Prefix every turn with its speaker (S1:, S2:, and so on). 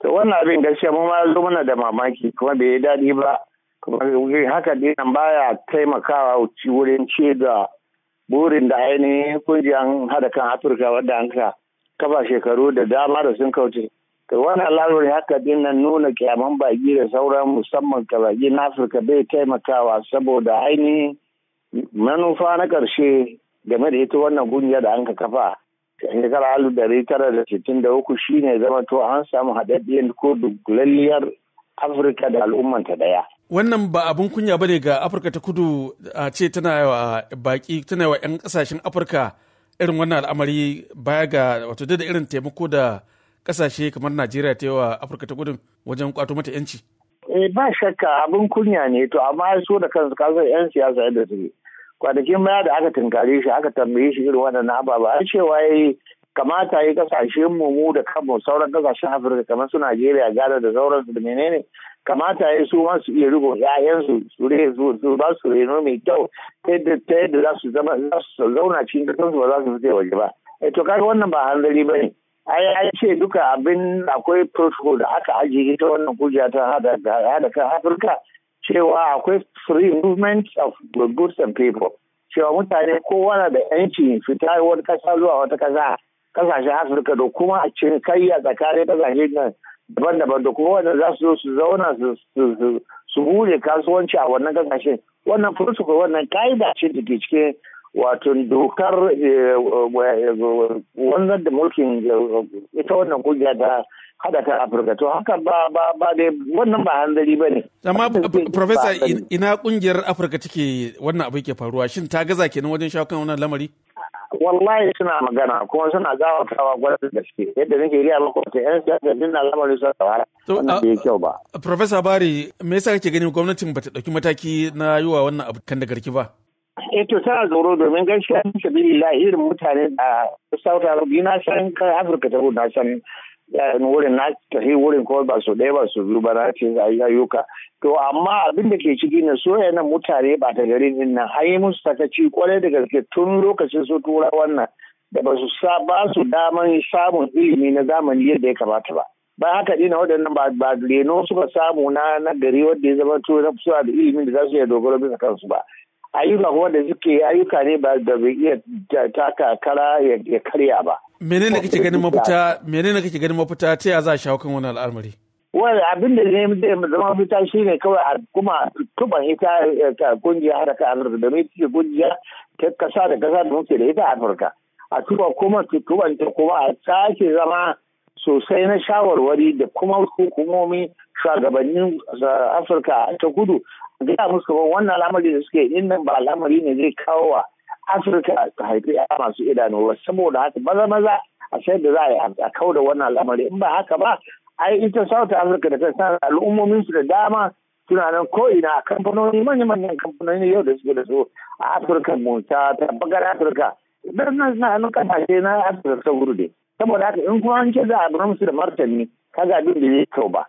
S1: to wannan abin gaskiya mu ma zo mana da mamaki kuma bai yi daɗi ba kuma haka dai nan baya taimakawa wurin ce da burin da ainihin kungiyar hada kan afirka wadda an ka kafa shekaru da dama da sun kauce to wannan laluri haka nan nuna kyaman baki da sauran musamman kabaki na afirka bai taimakawa saboda ainihin manufa na ƙarshe game da ita wannan kungiya da an ka kafa shekara alif dari tara da sittin da uku ne zama to an samu haɗaɗɗiyar ko dunkulalliyar afirka da al'ummanta daya
S2: wannan ba abin kunya ba ne ga afirka ta kudu a ce tana wa baki tana wa 'yan kasashen afirka irin wannan al'amari baya ga wato da irin taimako da kasashe kamar najeriya ta yawa wa afirka ta kudu wajen kwato mata 'yanci.
S1: eh ba shakka abin kunya ne to amma so da kansu kasar 'yan siyasa yadda suke kwanakin baya da aka tunkare shi aka tambaye shi irin waɗannan ababa a cewa ya yi kamata ya kasashen mu mu da kanmu sauran kasashen afirka kamar su najeriya gada da sauran su da menene kamata ya su ma su iya rigo ƴaƴansu su re su ba su reno mai kyau ta yadda za su zama za su zauna cikin kasansu ba za su fita waje ba eh to kaga wannan ba hanzari ba ne ai ai ce duka abin akwai protocol da aka ajiye ta wannan kujiya ta hada kan afirka cewa akwai free movement of goods and people cewa mutane kowa na da yanci fita wata kasa zuwa wata kasa kasashen afirka da kuma a a tsakanin kasashe nan daban-daban da kuma wanda za su zo su zauna su bude kasuwanci a wannan kasashen wannan fursuka wannan ka'ida ce da ke cikin wato dokar eh, wannan da mulkin eh, ita wannan kungiya ta hada ta Afirka to haka ba ba ba ne wannan ba hanzari ba ne. Amma Profesa
S2: ina kungiyar Afirka take wannan abu ke faruwa shin ta gaza kenan wajen shawo kan wannan lamari?
S1: Wallahi suna magana kuma suna gawatawa gwamnati da shi. yadda nake riya muku ta yan siyasa din na lamarin sun tsawara wannan bai kyau ba.
S2: Profesa Bari me yasa kake ganin gwamnatin ta dauki mataki na yi wa wannan abu kan da garki ba?
S1: eh to tana tsoro domin gaskiya sabili la irin mutane da ah, South na san kai Afirka ta na san yayin wurin na tafi wurin ko ba su ɗaya ba su biyu ba na ce ayyuka to amma abin da ke ciki na so yana mutane ba ta gari din nan an yi musu sakaci kwarai da gaske tun lokacin su tura wannan da ba su sa ba su daman samun ilimi na zamani yadda ya kamata ba Ba haka dina waɗannan ba ba reno suka samu na na gari wanda ya zama to na suna da ilimin da za su iya dogaro bisa kansu ba ayyuka kuma da suke ayyuka ne ba da bai iya taka kara ya karya ba
S2: menene kake ganin mafita menene kake ganin mafita ta ya za a shawo kan wannan al'amari
S1: wani abin da ne zama mafita shine kawai a kuma tuban ita kungiya har haraka da mai ita kungiya ta kasa da kasa da muke da ita afirka a tuba kuma tuban ta kuma a sake zama sosai na shawarwari da kuma hukumomi shugabannin afirka ta kudu gaya musu wannan al'amari da suke yin nan ba al'amari ne zai kawo wa afirka ta haifi ya masu idanuwa saboda haka maza maza a sai da za a yi a kau da wannan al'amari in ba haka ba ai ita south afirka da ta san al'ummomin su da dama suna nan ko ina a kamfanoni manyan manyan kamfanoni yau da suke da su a afirka mu ta tabbagar afirka idan nan suna hannun kasashe na afirka ta gudu saboda haka in kuma an ce za a bar musu da martani kaga abin da yi kyau ba